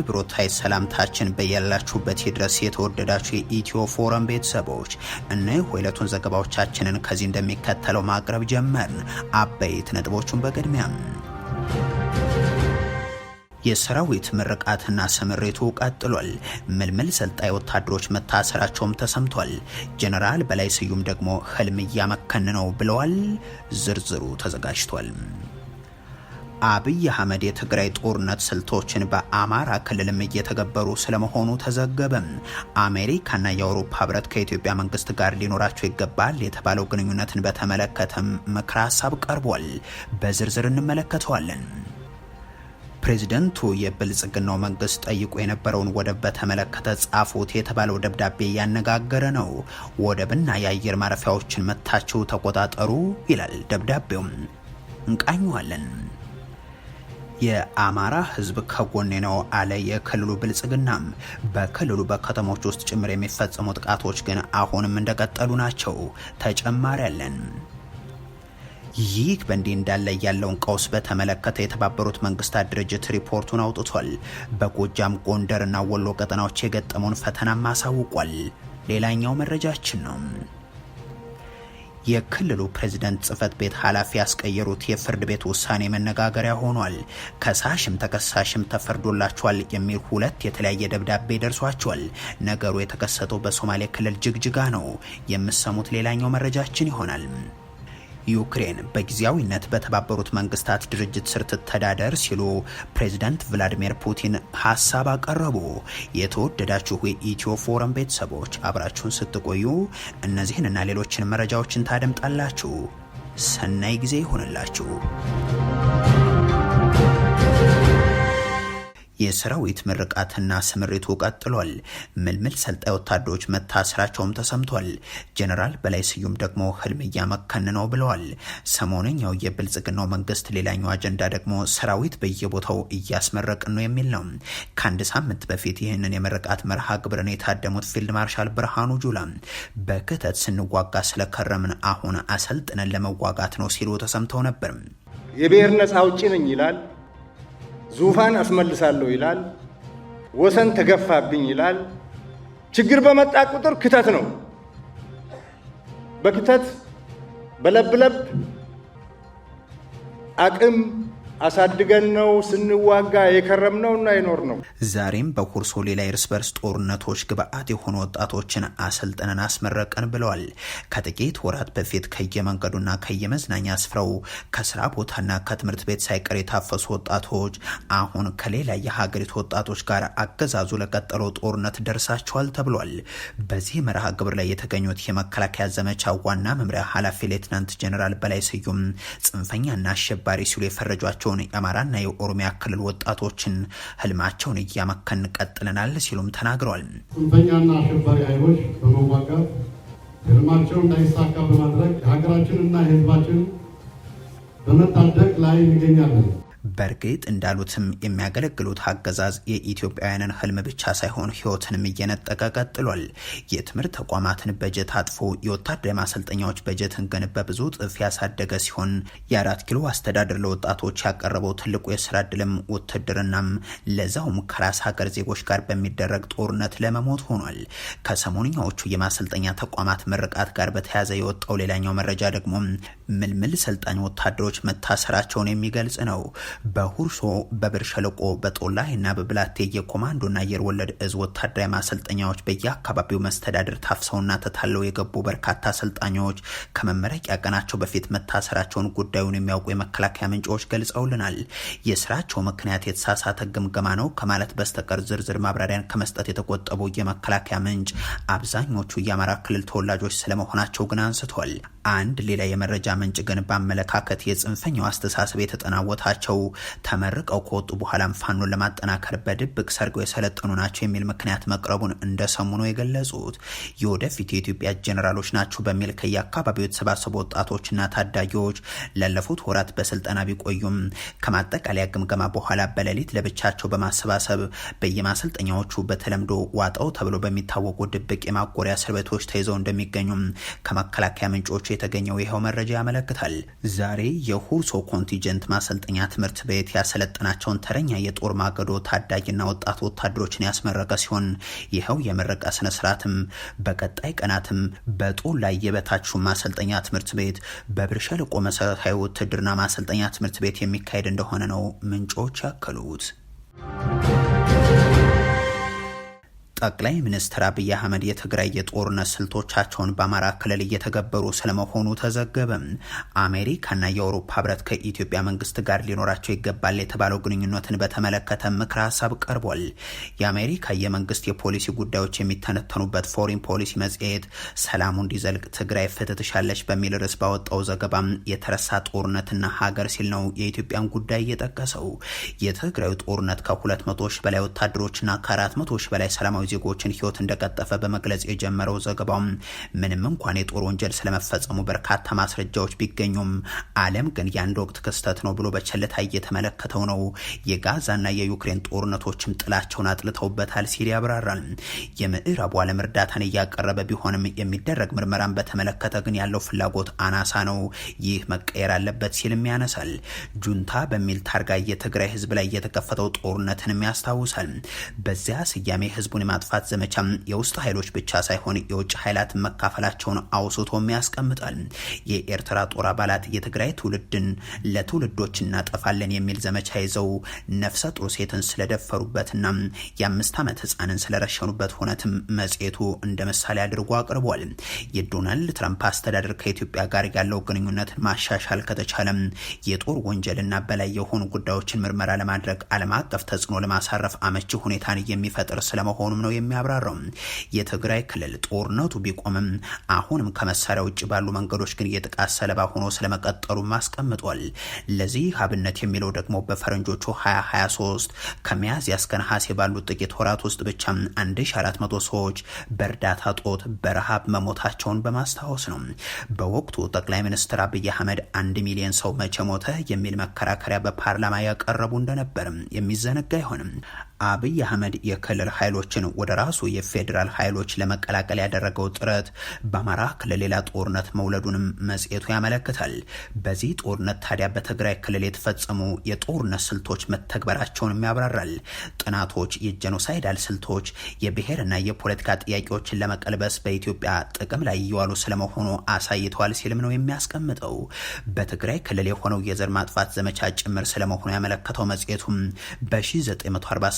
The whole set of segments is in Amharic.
አክብሮታይ ሰላምታችን በያላችሁበት ድረስ የተወደዳችሁ የኢትዮ ፎረም ቤተሰቦች እነሆ ሁለቱን ዘገባዎቻችንን ከዚህ እንደሚከተለው ማቅረብ ጀመርን። አበይት ነጥቦቹን በቅድሚያም የሰራዊት ምርቃትና ስምሪቱ ቀጥሏል። ምልምል ሰልጣኝ ወታደሮች መታሰራቸውም ተሰምቷል። ጀነራል በላይ ስዩም ደግሞ ህልም እያመከን ነው ብለዋል። ዝርዝሩ ተዘጋጅቷል። አብይ አህመድ የትግራይ ጦርነት ስልቶችን በአማራ ክልልም እየተገበሩ ስለመሆኑ ተዘገበም። አሜሪካና የአውሮፓ ህብረት ከኢትዮጵያ መንግስት ጋር ሊኖራቸው ይገባል የተባለው ግንኙነትን በተመለከተም ምክረ ሀሳብ ቀርቧል። በዝርዝር እንመለከተዋለን። ፕሬዚደንቱ የብልጽግናው መንግስት ጠይቆ የነበረውን ወደብ በተመለከተ ጻፉት የተባለው ደብዳቤ እያነጋገረ ነው። ወደብና የአየር ማረፊያዎችን መታችሁ ተቆጣጠሩ ይላል ደብዳቤውም። እንቃኘዋለን። የአማራ ህዝብ ከጎኔ ነው አለ የክልሉ ብልጽግናም። በክልሉ በከተሞች ውስጥ ጭምር የሚፈጸሙ ጥቃቶች ግን አሁንም እንደቀጠሉ ናቸው። ተጨማሪ አለን። ይህ በእንዲህ እንዳለ ያለውን ቀውስ በተመለከተ የተባበሩት መንግስታት ድርጅት ሪፖርቱን አውጥቷል። በጎጃም ጎንደርና ወሎ ቀጠናዎች የገጠመውን ፈተናም አሳውቋል። ሌላኛው መረጃችን ነው። የክልሉ ፕሬዝደንት ጽህፈት ቤት ኃላፊ ያስቀየሩት የፍርድ ቤት ውሳኔ መነጋገሪያ ሆኗል። ከሳሽም ተከሳሽም ተፈርዶላቸዋል የሚል ሁለት የተለያየ ደብዳቤ ደርሷቸዋል። ነገሩ የተከሰተው በሶማሌ ክልል ጅግጅጋ ነው። የምሰሙት ሌላኛው መረጃችን ይሆናል። ዩክሬን በጊዜያዊነት በተባበሩት መንግስታት ድርጅት ስር ትተዳደር ሲሉ ፕሬዚደንት ቭላዲሚር ፑቲን ሀሳብ አቀረቡ። የተወደዳችሁ የኢትዮ ፎረም ቤተሰቦች አብራችሁን ስትቆዩ እነዚህን እና ሌሎችን መረጃዎችን ታደምጣላችሁ። ሰናይ ጊዜ ይሆንላችሁ። የሰራዊት ምርቃትና ስምሪቱ ቀጥሏል። ምልምል ሰልጣኝ ወታደሮች መታሰራቸውም ተሰምቷል። ጀነራል በላይ ስዩም ደግሞ ህልም እያመከን ነው ብለዋል። ሰሞነኛው የብልጽግናው መንግስት ሌላኛው አጀንዳ ደግሞ ሰራዊት በየቦታው እያስመረቅን ነው የሚል ነው። ከአንድ ሳምንት በፊት ይህንን የምርቃት መርሃ ግብርን የታደሙት ፊልድ ማርሻል ብርሃኑ ጁላ በክተት ስንዋጋ ስለከረምን አሁን አሰልጥነን ለመዋጋት ነው ሲሉ ተሰምተው ነበር። የብሔር ነጻ አውጪ ነኝ ይላል ዙፋን አስመልሳለሁ ይላል። ወሰን ተገፋብኝ ይላል። ችግር በመጣ ቁጥር ክተት ነው። በክተት በለብለብ አቅም አሳድገን ነው ስንዋጋ የከረም እና ይኖር ነው። ዛሬም በሁርሶ ሌላ የእርስ በርስ ጦርነቶች ግብአት የሆኑ ወጣቶችን አሰልጥነን አስመረቀን ብለዋል። ከጥቂት ወራት በፊት ከየመንገዱና ከየመዝናኛ ስፍራው ከስራ ቦታና ከትምህርት ቤት ሳይቀር የታፈሱ ወጣቶች አሁን ከሌላ የሀገሪቱ ወጣቶች ጋር አገዛዙ ለቀጠለው ጦርነት ደርሳቸዋል ተብሏል። በዚህ መርሃ ግብር ላይ የተገኙት የመከላከያ ዘመቻ ዋና መምሪያ ኃላፊ ሌትናንት ጀኔራል በላይ ስዩም ጽንፈኛና አሸባሪ ሲሉ የፈረጇቸው ያሏቸውን የአማራና የኦሮሚያ ክልል ወጣቶችን ህልማቸውን እያመከን ቀጥለናል ሲሉም ተናግረዋል። ጽንፈኛና አሸባሪ ኃይሎች በመዋጋት ህልማቸውን እንዳይሳካ በማድረግ የሀገራችንና የህዝባችን በመታደግ ላይ እንገኛለን። በእርግጥ እንዳሉትም የሚያገለግሉት አገዛዝ የኢትዮጵያውያንን ህልም ብቻ ሳይሆን ህይወትንም እየነጠቀ ቀጥሏል። የትምህርት ተቋማትን በጀት አጥፎ የወታደር ማሰልጠኛዎች በጀትን ግን በብዙ እጥፍ ያሳደገ ሲሆን የአራት ኪሎ አስተዳደር ለወጣቶች ያቀረበው ትልቁ የስራ እድልም ውትድርናም ለዛውም ከራስ ሀገር ዜጎች ጋር በሚደረግ ጦርነት ለመሞት ሆኗል። ከሰሞንኛዎቹ የማሰልጠኛ ተቋማት ምርቃት ጋር በተያያዘ የወጣው ሌላኛው መረጃ ደግሞ ምልምል ሰልጣኝ ወታደሮች መታሰራቸውን የሚገልጽ ነው። በሁርሶ በብር ሸለቆ በጦላይና በብላቴ የኮማንዶና አየር ወለድ እዝ ወታደራዊ ማሰልጠኛዎች በየአካባቢው መስተዳድር ታፍሰውና ተታለው የገቡ በርካታ አሰልጣኞች ከመመረቂያ ቀናቸው በፊት መታሰራቸውን ጉዳዩን የሚያውቁ የመከላከያ ምንጮች ገልጸውልናል። የስራቸው ምክንያት የተሳሳተ ግምገማ ነው ከማለት በስተቀር ዝርዝር ማብራሪያን ከመስጠት የተቆጠቡ የመከላከያ ምንጭ አብዛኞቹ የአማራ ክልል ተወላጆች ስለመሆናቸው ግን አንስቷል። አንድ ሌላ የመረጃ ምንጭ ግን በአመለካከት የጽንፈኛው አስተሳሰብ የተጠናወታቸው ተመርቀው ከወጡ በኋላም ፋኖን ለማጠናከር በድብቅ ሰርገው የሰለጠኑ ናቸው የሚል ምክንያት መቅረቡን እንደሰሙ ነው የገለጹት። የወደፊት የኢትዮጵያ ጀኔራሎች ናቸው በሚል ከየአካባቢው የተሰባሰቡ ወጣቶችና ታዳጊዎች ላለፉት ወራት በስልጠና ቢቆዩም ከማጠቃለያ ግምገማ በኋላ በሌሊት ለብቻቸው በማሰባሰብ በየማሰልጠኛዎቹ በተለምዶ ዋጣው ተብሎ በሚታወቁ ድብቅ የማጎሪያ እስር ቤቶች ተይዘው እንደሚገኙም ከመከላከያ ምንጮች የተገኘው ይኸው መረጃ ያመለክታል። ዛሬ የሁርሶ ኮንቲጀንት ማሰልጠኛ ትምህርት ትምህርት ቤት ያሰለጠናቸውን ተረኛ የጦር ማገዶ ታዳጊና ወጣት ወታደሮችን ያስመረቀ ሲሆን ይኸው የምረቃ ስነስርዓትም በቀጣይ ቀናትም በጦር ላይ የበታችሁ ማሰልጠኛ ትምህርት ቤት በብርሸለቆ መሰረታዊ ውትድርና ማሰልጠኛ ትምህርት ቤት የሚካሄድ እንደሆነ ነው ምንጮች ያከሉት። ጠቅላይ ሚኒስትር አብይ አህመድ የትግራይ የጦርነት ስልቶቻቸውን በአማራ ክልል እየተገበሩ ስለመሆኑ ተዘገበም። አሜሪካና የአውሮፓ ህብረት ከኢትዮጵያ መንግስት ጋር ሊኖራቸው ይገባል የተባለው ግንኙነትን በተመለከተ ምክረ ሀሳብ ቀርቧል። የአሜሪካ የመንግስት የፖሊሲ ጉዳዮች የሚተነተኑበት ፎሪን ፖሊሲ መጽሔት ሰላሙ እንዲዘልቅ ትግራይ ፍትህ ትሻለች በሚል ርዕስ ባወጣው ዘገባም የተረሳ ጦርነትና ሀገር ሲል ነው የኢትዮጵያን ጉዳይ እየጠቀሰው። የትግራዩ ጦርነት ከ200 ሺህ በላይ ወታደሮችና ከ400 ሺህ በላይ ሰላማዊ ዜጎችን ህይወት እንደቀጠፈ በመግለጽ የጀመረው ዘገባው ምንም እንኳን የጦር ወንጀል ስለመፈጸሙ በርካታ ማስረጃዎች ቢገኙም ዓለም ግን የአንድ ወቅት ክስተት ነው ብሎ በቸልታ እየተመለከተው ነው። የጋዛና የዩክሬን ጦርነቶችም ጥላቸውን አጥልተውበታል ሲል ያብራራል። የምዕራቡ ዓለም እርዳታን እያቀረበ ቢሆንም የሚደረግ ምርመራን በተመለከተ ግን ያለው ፍላጎት አናሳ ነው። ይህ መቀየር አለበት ሲልም ያነሳል። ጁንታ በሚል ታርጋ የትግራይ ህዝብ ላይ የተከፈተው ጦርነትንም ያስታውሳል። በዚያ ስያሜ ህዝቡን የማጥፋት ዘመቻ የውስጥ ኃይሎች ብቻ ሳይሆን የውጭ ኃይላት መካፈላቸውን አውስቶም ያስቀምጣል። የኤርትራ ጦር አባላት የትግራይ ትውልድን ለትውልዶች እናጠፋለን የሚል ዘመቻ ይዘው ነፍሰ ጡር ሴትን ስለደፈሩበትና የአምስት ዓመት ህፃንን ስለረሸኑበት ሁነትም መጽሔቱ እንደ ምሳሌ አድርጎ አቅርቧል። የዶናልድ ትራምፕ አስተዳደር ከኢትዮጵያ ጋር ያለው ግንኙነት ማሻሻል ከተቻለም የጦር ወንጀልና በላይ የሆኑ ጉዳዮችን ምርመራ ለማድረግ ዓለም አቀፍ ተጽዕኖ ለማሳረፍ አመቺ ሁኔታን የሚፈጥር ስለመሆኑም ነው የሚያብራራው። የትግራይ ክልል ጦርነቱ ቢቆምም አሁንም ከመሳሪያ ውጭ ባሉ መንገዶች ግን የጥቃት ሰለባ ሆኖ ስለመቀጠሉ አስቀምጧል። ለዚህ አብነት የሚለው ደግሞ በፈረንጆቹ 2023 ከሚያዝያ እስከ ነሐሴ ባሉት ጥቂት ወራት ውስጥ ብቻ 1400 ሰዎች በእርዳታ ጦት በረሃብ መሞታቸውን በማስታወስ ነው። በወቅቱ ጠቅላይ ሚኒስትር አብይ አህመድ አንድ ሚሊዮን ሰው መቼ ሞተ የሚል መከራከሪያ በፓርላማ ያቀረቡ እንደነበርም የሚዘነጋ አይሆንም። አብይ አህመድ የክልል ኃይሎችን ወደ ራሱ የፌዴራል ኃይሎች ለመቀላቀል ያደረገው ጥረት በአማራ ክልል ሌላ ጦርነት መውለዱንም መጽሔቱ ያመለክታል። በዚህ ጦርነት ታዲያ በትግራይ ክልል የተፈጸሙ የጦርነት ስልቶች መተግበራቸውንም ያብራራል። ጥናቶች የጀኖሳይዳል ስልቶች፣ የብሔርና የፖለቲካ ጥያቄዎችን ለመቀልበስ በኢትዮጵያ ጥቅም ላይ እየዋሉ ስለመሆኑ አሳይተዋል ሲልም ነው የሚያስቀምጠው። በትግራይ ክልል የሆነው የዘር ማጥፋት ዘመቻ ጭምር ስለመሆኑ ያመለከተው መጽሔቱም በ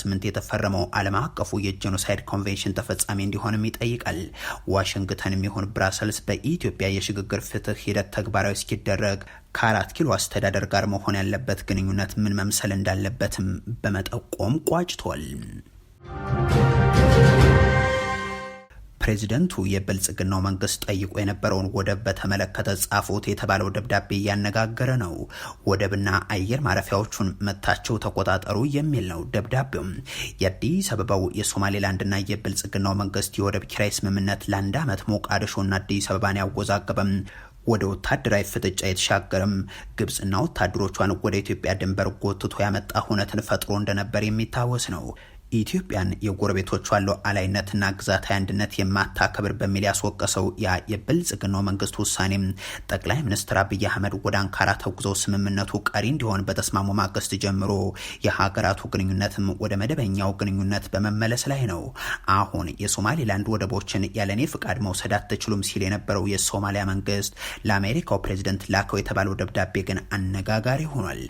2008 የተፈረመው ዓለም አቀፉ የጄኖሳይድ ኮንቬንሽን ተፈጻሚ እንዲሆንም ይጠይቃል። ዋሽንግተንም ይሁን ብራሰልስ በኢትዮጵያ የሽግግር ፍትህ ሂደት ተግባራዊ እስኪደረግ ከአራት ኪሎ አስተዳደር ጋር መሆን ያለበት ግንኙነት ምን መምሰል እንዳለበትም በመጠቆም ቋጭቷል። ፕሬዚደንቱ የብልጽግናው መንግስት ጠይቆ የነበረውን ወደብ በተመለከተ ጻፉት የተባለው ደብዳቤ እያነጋገረ ነው። ወደብና አየር ማረፊያዎቹን መታቸው ተቆጣጠሩ የሚል ነው ደብዳቤውም። የአዲስ አበባው የሶማሌላንድና የብልጽግናው መንግስት የወደብ ኪራይ ስምምነት ለአንድ ዓመት ሞቃዲሾና አዲስ አበባን ያወዛገበም ወደ ወታደራዊ ፍጥጫ የተሻገረም ግብጽና ወታደሮቿን ወደ ኢትዮጵያ ድንበር ጎትቶ ያመጣ ሁነትን ፈጥሮ እንደነበር የሚታወስ ነው። ኢትዮጵያን የጎረቤቶቿን ሉዓላዊነትና ግዛታዊ አንድነት የማታከብር በሚል ያስወቀሰው ያ የብልጽግናው መንግስት ውሳኔም ጠቅላይ ሚኒስትር አብይ አህመድ ወደ አንካራ ተጉዘው ስምምነቱ ቀሪ እንዲሆን በተስማሙ ማግስት ጀምሮ የሀገራቱ ግንኙነትም ወደ መደበኛው ግንኙነት በመመለስ ላይ ነው። አሁን የሶማሌላንድ ወደቦችን ያለኔ ፍቃድ መውሰድ አትችሉም ሲል የነበረው የሶማሊያ መንግስት ለአሜሪካው ፕሬዚደንት ላከው የተባለው ደብዳቤ ግን አነጋጋሪ ሆኗል።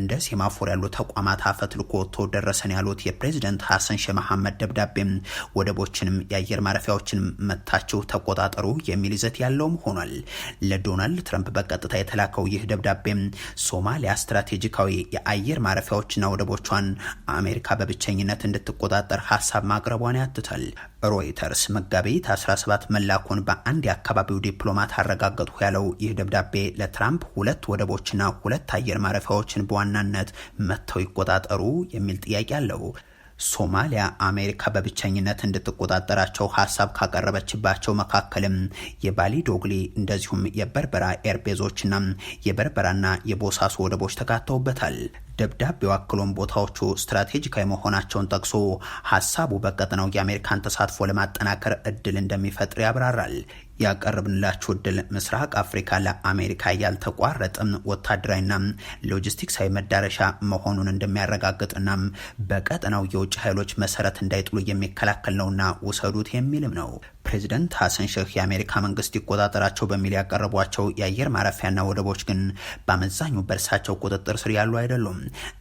እንደ ሴማፎር ያሉ ተቋማት አፈትልኮ ወጥቶ ደረሰን ያሉት የፕሬዚደንት ሐሰን ሼህ መሐመድ ደብዳቤም ወደቦችንም የአየር ማረፊያዎችን መታችሁ ተቆጣጠሩ የሚል ይዘት ያለውም ሆኗል። ለዶናልድ ትረምፕ በቀጥታ የተላከው ይህ ደብዳቤም ሶማሊያ ስትራቴጂካዊ የአየር ማረፊያዎችና ወደቦቿን አሜሪካ በብቸኝነት እንድትቆጣጠር ሀሳብ ማቅረቧን ያትታል። ሮይተርስ መጋቢት 17 መላኩን በአንድ የአካባቢው ዲፕሎማት አረጋገጥሁ ያለው ይህ ደብዳቤ ለትራምፕ ሁለት ወደቦችና ሁለት አየር ማረፊያዎችን በዋናነት መጥተው ይቆጣጠሩ የሚል ጥያቄ አለው። ሶማሊያ አሜሪካ በብቸኝነት እንድትቆጣጠራቸው ሀሳብ ካቀረበችባቸው መካከልም የባሊ ዶግሊ እንደዚሁም የበርበራ ኤርቤዞችና የበርበራና የቦሳሶ ወደቦች ተካተውበታል። ደብዳቤው አክሎም ቦታዎቹ ስትራቴጂካዊ መሆናቸውን ጠቅሶ ሀሳቡ በቀጠናው የአሜሪካን ተሳትፎ ለማጠናከር እድል እንደሚፈጥር ያብራራል። ያቀረብንላችሁ እድል ምስራቅ አፍሪካ ለአሜሪካ ያልተቋረጠም ወታደራዊና ሎጂስቲክሳዊ መዳረሻ መሆኑን እንደሚያረጋግጥና በቀጠናው የውጭ ኃይሎች መሰረት እንዳይጥሉ የሚከላከል ነውና ውሰዱት የሚልም ነው። ፕሬዚደንት ሐሰን ሼህ የአሜሪካ መንግስት ይቆጣጠራቸው በሚል ያቀረቧቸው የአየር ማረፊያና ወደቦች ግን በአመዛኙ በእርሳቸው ቁጥጥር ስር ያሉ አይደሉም።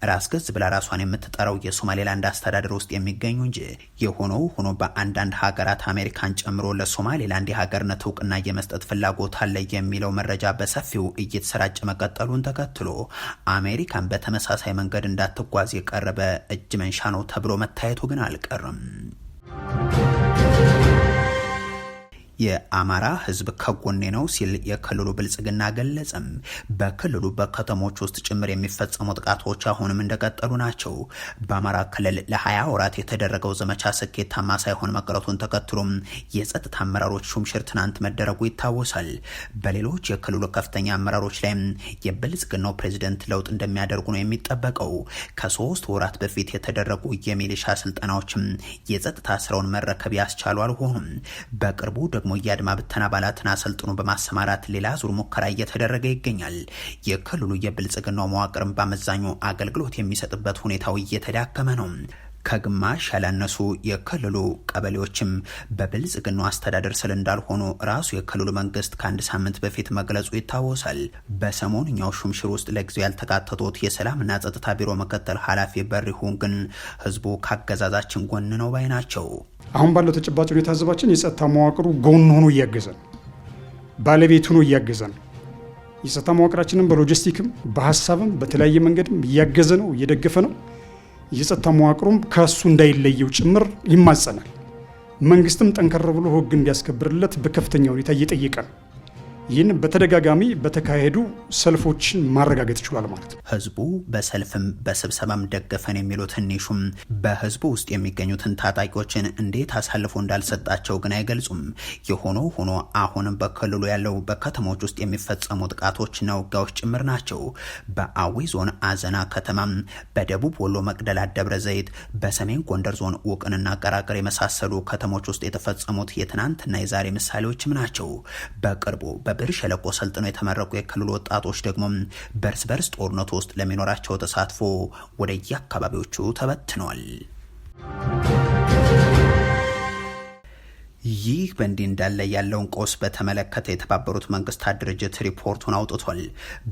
ራስ ገዝ ብላ ራሷን የምትጠራው የሶማሌላንድ አስተዳደር ውስጥ የሚገኙ እንጂ የሆነው ሆኖ በአንዳንድ ሀገራት አሜሪካን ጨምሮ ለሶማሌላንድ የሀገርነት እውቅና የመስጠት ፍላጎት አለ የሚለው መረጃ በሰፊው እየተሰራጨ መቀጠሉን ተከትሎ አሜሪካን በተመሳሳይ መንገድ እንዳትጓዝ የቀረበ እጅ መንሻ ነው ተብሎ መታየቱ ግን አልቀርም። የአማራ ህዝብ ከጎኔ ነው ሲል የክልሉ ብልጽግና ገለጸም። በክልሉ በከተሞች ውስጥ ጭምር የሚፈጸሙ ጥቃቶች አሁንም እንደቀጠሉ ናቸው። በአማራ ክልል ለ20 ወራት የተደረገው ዘመቻ ስኬታማ ሳይሆን መቅረቱን ተከትሎም የጸጥታ አመራሮች ሹምሽር ትናንት መደረጉ ይታወሳል። በሌሎች የክልሉ ከፍተኛ አመራሮች ላይም የብልጽግናው ፕሬዚደንት ለውጥ እንደሚያደርጉ ነው የሚጠበቀው። ከሶስት ወራት በፊት የተደረጉ የሚሊሻ ስልጠናዎችም የጸጥታ ስራውን መረከብ ያስቻሉ አልሆኑም። በቅርቡ ደግሞ የአድማ ብተና አባላትን አሰልጥኖ በማሰማራት ሌላ ዙር ሙከራ እየተደረገ ይገኛል። የክልሉ የብልጽግናው መዋቅርን በአመዛኙ አገልግሎት የሚሰጥበት ሁኔታው እየተዳከመ ነው። ከግማሽ ያላነሱ የክልሉ ቀበሌዎችም በብልጽግና አስተዳደር ስል እንዳልሆኑ ራሱ የክልሉ መንግስት ከአንድ ሳምንት በፊት መግለጹ ይታወሳል። በሰሞንኛው ሹምሽር ውስጥ ለጊዜው ያልተካተቱት የሰላምና ጸጥታ ቢሮ ምክትል ኃላፊ በሪሁን ግን ህዝቡ ካገዛዛችን ጎን ነው ባይ ናቸው። አሁን ባለው ተጨባጭ ሁኔታ ህዝባችን የጸጥታ መዋቅሩ ጎን ሆኖ እያገዘን ባለቤት ሆኖ እያገዘን የጸጥታ መዋቅራችንም በሎጂስቲክም በሀሳብም በተለያየ መንገድም እያገዘ ነው፣ እየደገፈ ነው። የጸጥታ መዋቅሩም ከእሱ እንዳይለየው ጭምር ይማጸናል። መንግስትም ጠንከር ብሎ ህግ እንዲያስከብርለት በከፍተኛ ሁኔታ እየጠየቀ ነው። ይህን በተደጋጋሚ በተካሄዱ ሰልፎችን ማረጋገጥ ይችሏል ማለት ነው። ህዝቡ በሰልፍም በስብሰባም ደገፈን የሚሉት ትንሹም በህዝቡ ውስጥ የሚገኙትን ታጣቂዎችን እንዴት አሳልፎ እንዳልሰጣቸው ግን አይገልጹም። የሆኖ ሆኖ አሁንም በክልሉ ያለው በከተሞች ውስጥ የሚፈጸሙ ጥቃቶችና ውጊያዎች ጭምር ናቸው። በአዊ ዞን አዘና ከተማም፣ በደቡብ ወሎ መቅደላ ደብረ ዘይት፣ በሰሜን ጎንደር ዞን ውቅንና ቀራቅር የመሳሰሉ ከተሞች ውስጥ የተፈጸሙት የትናንትና የዛሬ ምሳሌዎችም ናቸው። በቅርቡ በብር ሸለቆ ሰልጥነው የተመረቁ የክልሉ ወጣቶች ደግሞ በርስ በርስ ጦርነቱ ውስጥ ለሚኖራቸው ተሳትፎ ወደ ተበትነዋል። ይህ በእንዲህ እንዳለ ያለውን ቀውስ በተመለከተ የተባበሩት መንግስታት ድርጅት ሪፖርቱን አውጥቷል።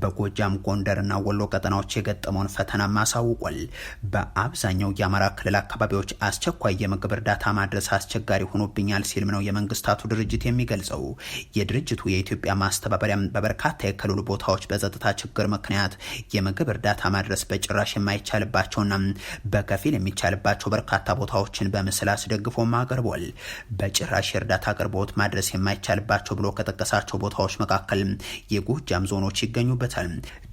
በጎጃም ጎንደርና ወሎ ቀጠናዎች የገጠመውን ፈተናም አሳውቋል። በአብዛኛው የአማራ ክልል አካባቢዎች አስቸኳይ የምግብ እርዳታ ማድረስ አስቸጋሪ ሆኖብኛል ሲልም ነው የመንግስታቱ ድርጅት የሚገልጸው። የድርጅቱ የኢትዮጵያ ማስተባበሪያም በበርካታ የክልሉ ቦታዎች በጸጥታ ችግር ምክንያት የምግብ እርዳታ ማድረስ በጭራሽ የማይቻልባቸውና በከፊል የሚቻልባቸው በርካታ ቦታዎችን በምስል አስደግፎም አቅርቧል። በጭራሽ ተመላሽ የእርዳታ አቅርቦት ማድረስ የማይቻልባቸው ብሎ ከጠቀሳቸው ቦታዎች መካከል የጎጃም ዞኖች ይገኙበታል።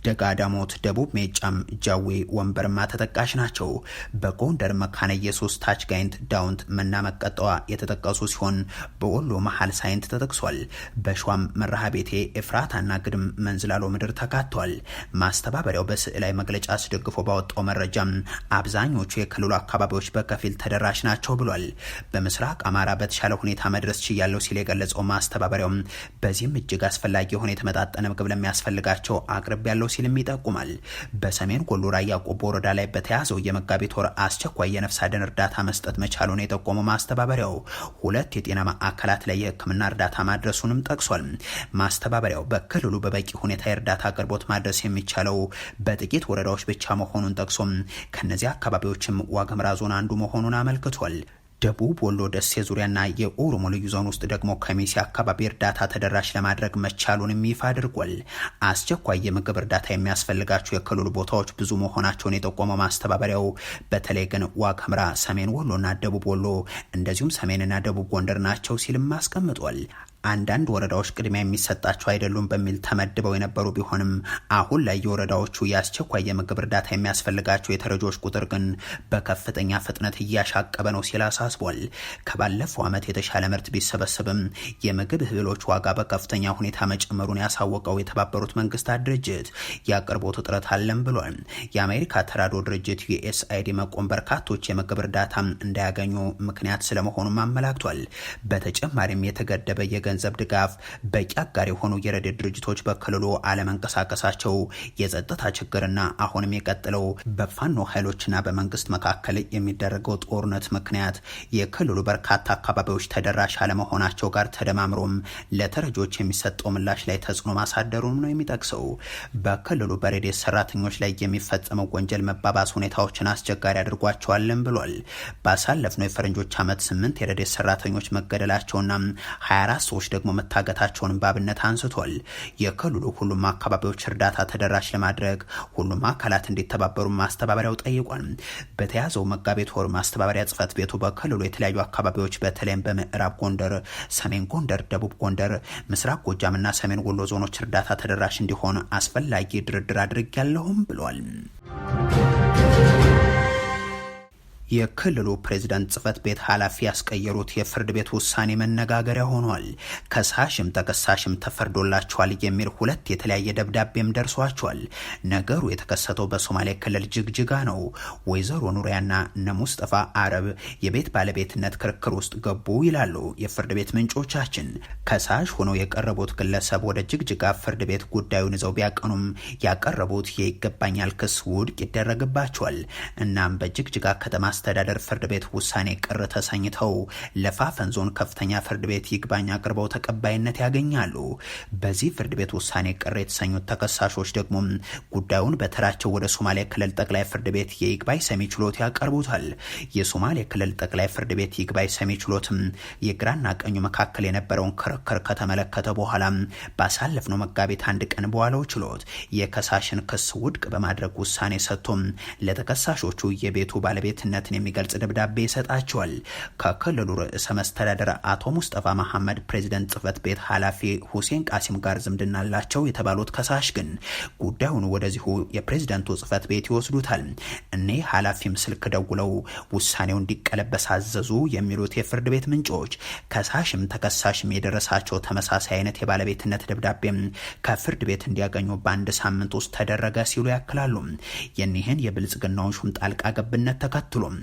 ደጋዳሞት፣ ደቡብ ሜጫም፣ ጃዌ፣ ወንበርማ ተጠቃሽ ናቸው። በጎንደር መካነ ኢየሱስ፣ ታች ጋይንት፣ ዳውንት፣ መናመቀጠዋ የተጠቀሱ ሲሆን በወሎ መሀል ሳይንት ተጠቅሷል። በሸዋም መርሃ ቤቴ፣ ኤፍራታና ግድም መንዝላሎ ምድር ተካቷል። ማስተባበሪያው በስዕላዊ መግለጫ አስደግፎ ባወጣው መረጃም አብዛኞቹ የክልሉ አካባቢዎች በከፊል ተደራሽ ናቸው ብሏል። በምስራቅ አማራ በተሻለ ሁኔታ መድረስ ችያለው ሲል የገለጸው ማስተባበሪያውም በዚህም እጅግ አስፈላጊ የሆነ የተመጣጠነ ምግብ ለሚያስፈልጋቸው አቅርብ ያለው ሲልም ይጠቁማል። በሰሜን ወሎ ራያ ቆቦ ወረዳ ላይ በተያዘው የመጋቢት ወር አስቸኳይ የነፍስ አድን እርዳታ መስጠት መቻሉን የጠቆመው ማስተባበሪያው ሁለት የጤና ማዕከላት ላይ የሕክምና እርዳታ ማድረሱንም ጠቅሷል። ማስተባበሪያው በክልሉ በበቂ ሁኔታ የእርዳታ አቅርቦት ማድረስ የሚቻለው በጥቂት ወረዳዎች ብቻ መሆኑን ጠቅሶም ከነዚህ አካባቢዎችም ዋገምራ ዞን አንዱ መሆኑን አመልክቷል። ደቡብ ወሎ ደሴ ዙሪያና የኦሮሞ ልዩ ዞን ውስጥ ደግሞ ከሚሴ አካባቢ እርዳታ ተደራሽ ለማድረግ መቻሉንም ይፋ አድርጓል። አስቸኳይ የምግብ እርዳታ የሚያስፈልጋቸው የክልሉ ቦታዎች ብዙ መሆናቸውን የጠቆመው ማስተባበሪያው በተለይ ግን ዋግ ኽምራ፣ ሰሜን ወሎና ደቡብ ወሎ እንደዚሁም ሰሜንና ደቡብ ጎንደር ናቸው ሲልም አስቀምጧል። አንዳንድ ወረዳዎች ቅድሚያ የሚሰጣቸው አይደሉም በሚል ተመድበው የነበሩ ቢሆንም አሁን ላይ የወረዳዎቹ የአስቸኳይ የምግብ እርዳታ የሚያስፈልጋቸው የተረጂዎች ቁጥር ግን በከፍተኛ ፍጥነት እያሻቀበ ነው ሲል አሳስቧል። ከባለፈው ዓመት የተሻለ ምርት ቢሰበሰብም የምግብ እህሎች ዋጋ በከፍተኛ ሁኔታ መጨመሩን ያሳወቀው የተባበሩት መንግስታት ድርጅት የአቅርቦት እጥረት አለም ብሏል። የአሜሪካ ተራድኦ ድርጅት ዩኤስአይዲ መቆም በርካቶች የምግብ እርዳታ እንዳያገኙ ምክንያት ስለመሆኑም አመላክቷል። በተጨማሪም የተገደበ የገንዘብ ድጋፍ በቂ አጋር የሆኑ የረድኤት ድርጅቶች በክልሉ አለመንቀሳቀሳቸው የጸጥታ ችግርና አሁንም የቀጥለው በፋኖ ኃይሎችና በመንግስት መካከል የሚደረገው ጦርነት ምክንያት የክልሉ በርካታ አካባቢዎች ተደራሽ አለመሆናቸው ጋር ተደማምሮም ለተረጆች የሚሰጠው ምላሽ ላይ ተጽዕኖ ማሳደሩም ነው የሚጠቅሰው። በክልሉ በረድኤት ሰራተኞች ላይ የሚፈጸመው ወንጀል መባባስ ሁኔታዎችን አስቸጋሪ አድርጓቸዋልን ብሏል። ባሳለፍነው የፈረንጆች ዓመት ስምንት የረድኤት ሰራተኞች መገደላቸውና 24 ሰዎች ደግሞ መታገታቸውን በአብነት አንስቷል። የክልሉ ሁሉም አካባቢዎች እርዳታ ተደራሽ ለማድረግ ሁሉም አካላት እንዲተባበሩ ማስተባበሪያው ጠይቋል። በተያዘው መጋቢት ወር ማስተባበሪያ ጽህፈት ቤቱ በክልሉ የተለያዩ አካባቢዎች በተለይም በምዕራብ ጎንደር፣ ሰሜን ጎንደር፣ ደቡብ ጎንደር፣ ምስራቅ ጎጃምና ሰሜን ወሎ ዞኖች እርዳታ ተደራሽ እንዲሆን አስፈላጊ ድርድር ያለሁም ብሏል። የክልሉ ፕሬዝደንት ጽህፈት ቤት ኃላፊ ያስቀየሩት የፍርድ ቤት ውሳኔ መነጋገሪያ ሆኗል። ከሳሽም ተከሳሽም ተፈርዶላቸዋል የሚል ሁለት የተለያየ ደብዳቤም ደርሷቸዋል። ነገሩ የተከሰተው በሶማሌ ክልል ጅግጅጋ ነው። ወይዘሮ ኑሪያና እነ ሙስጠፋ አረብ የቤት ባለቤትነት ክርክር ውስጥ ገቡ ይላሉ የፍርድ ቤት ምንጮቻችን። ከሳሽ ሆነው የቀረቡት ግለሰብ ወደ ጅግጅጋ ፍርድ ቤት ጉዳዩን ይዘው ቢያቀኑም ያቀረቡት የይገባኛል ክስ ውድቅ ይደረግባቸዋል። እናም በጅግጅጋ ከተማ አስተዳደር ፍርድ ቤት ውሳኔ ቅር ተሰኝተው ለፋፈን ዞን ከፍተኛ ፍርድ ቤት ይግባኝ አቅርበው ተቀባይነት ያገኛሉ። በዚህ ፍርድ ቤት ውሳኔ ቅር የተሰኙት ተከሳሾች ደግሞ ጉዳዩን በተራቸው ወደ ሶማሌ ክልል ጠቅላይ ፍርድ ቤት የይግባኝ ሰሚ ችሎት ያቀርቡታል። የሶማሌ ክልል ጠቅላይ ፍርድ ቤት ይግባኝ ሰሚ ችሎትም የግራና ቀኙ መካከል የነበረውን ክርክር ከተመለከተ በኋላ ባሳለፍነው መጋቢት አንድ ቀን በዋለው ችሎት የከሳሽን ክስ ውድቅ በማድረግ ውሳኔ ሰጥቶም ለተከሳሾቹ የቤቱ ባለቤትነት መሆናቸውን የሚገልጽ ደብዳቤ ይሰጣቸዋል። ከክልሉ ርዕሰ መስተዳደር አቶ ሙስጠፋ መሐመድ ፕሬዚደንት ጽህፈት ቤት ኃላፊ ሁሴን ቃሲም ጋር ዝምድና አላቸው የተባሉት ከሳሽ ግን ጉዳዩን ወደዚሁ የፕሬዚደንቱ ጽህፈት ቤት ይወስዱታል። እኔ ኃላፊም ስልክ ደውለው ውሳኔው እንዲቀለበስ አዘዙ የሚሉት የፍርድ ቤት ምንጮች ከሳሽም ተከሳሽም የደረሳቸው ተመሳሳይ አይነት የባለቤትነት ደብዳቤም ከፍርድ ቤት እንዲያገኙ በአንድ ሳምንት ውስጥ ተደረገ ሲሉ ያክላሉ። የኒህን የብልጽግናውን ሹም ጣልቃ ገብነት ተከትሎም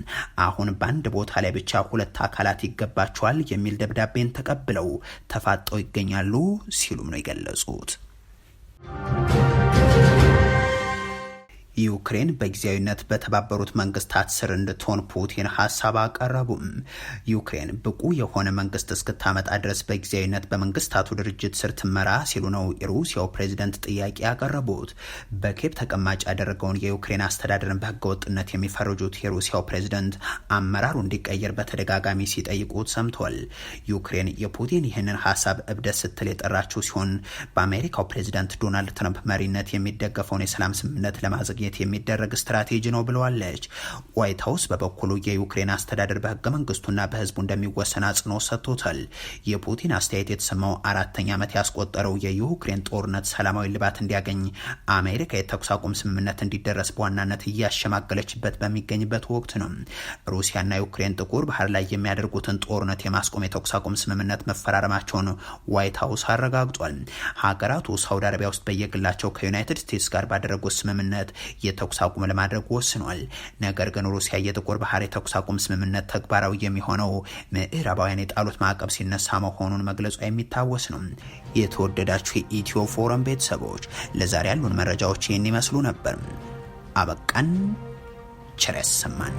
አሁን በአንድ ቦታ ላይ ብቻ ሁለት አካላት ይገባቸዋል የሚል ደብዳቤን ተቀብለው ተፋጠው ይገኛሉ ሲሉም ነው የገለጹት። ዩክሬን በጊዜያዊነት በተባበሩት መንግስታት ስር እንድትሆን ፑቲን ሀሳብ አቀረቡም። ዩክሬን ብቁ የሆነ መንግስት እስክታመጣ ድረስ በጊዜያዊነት በመንግስታቱ ድርጅት ስር ትመራ ሲሉ ነው የሩሲያው ፕሬዚደንት ጥያቄ ያቀረቡት። በኬፕ ተቀማጭ ያደረገውን የዩክሬን አስተዳደርን በህገወጥነት የሚፈርጁት የሩሲያው ፕሬዚደንት አመራሩ እንዲቀየር በተደጋጋሚ ሲጠይቁት ሰምቷል። ዩክሬን የፑቲን ይህንን ሀሳብ እብደት ስትል የጠራችው ሲሆን በአሜሪካው ፕሬዚደንት ዶናልድ ትራምፕ መሪነት የሚደገፈውን የሰላም ስምምነት ለማዘግየ ለማግኘት የሚደረግ ስትራቴጂ ነው ብለዋለች። ዋይት ሀውስ በበኩሉ የዩክሬን አስተዳደር በህገ መንግስቱና በህዝቡ እንደሚወሰን አጽንኦት ሰጥቶታል። የፑቲን አስተያየት የተሰማው አራተኛ ዓመት ያስቆጠረው የዩክሬን ጦርነት ሰላማዊ ልባት እንዲያገኝ አሜሪካ የተኩስ አቁም ስምምነት እንዲደረስ በዋናነት እያሸማገለችበት በሚገኝበት ወቅት ነው። ሩሲያና ዩክሬን ጥቁር ባህር ላይ የሚያደርጉትን ጦርነት የማስቆም የተኩስ አቁም ስምምነት መፈራረማቸውን ዋይት ሀውስ አረጋግጧል። ሀገራቱ ሳውዲ አረቢያ ውስጥ በየግላቸው ከዩናይትድ ስቴትስ ጋር ባደረጉት ስምምነት የተኩስ አቁም ለማድረግ ወስኗል። ነገር ግን ሩሲያ የጥቁር ባህር የተኩስ አቁም ስምምነት ተግባራዊ የሚሆነው ምዕራባውያን የጣሉት ማዕቀብ ሲነሳ መሆኑን መግለጿ የሚታወስ ነው። የተወደዳችሁ የኢትዮ ፎረም ቤተሰቦች ለዛሬ ያሉን መረጃዎች ይህን ይመስሉ ነበር። አበቃን። ቸር ያሰማን።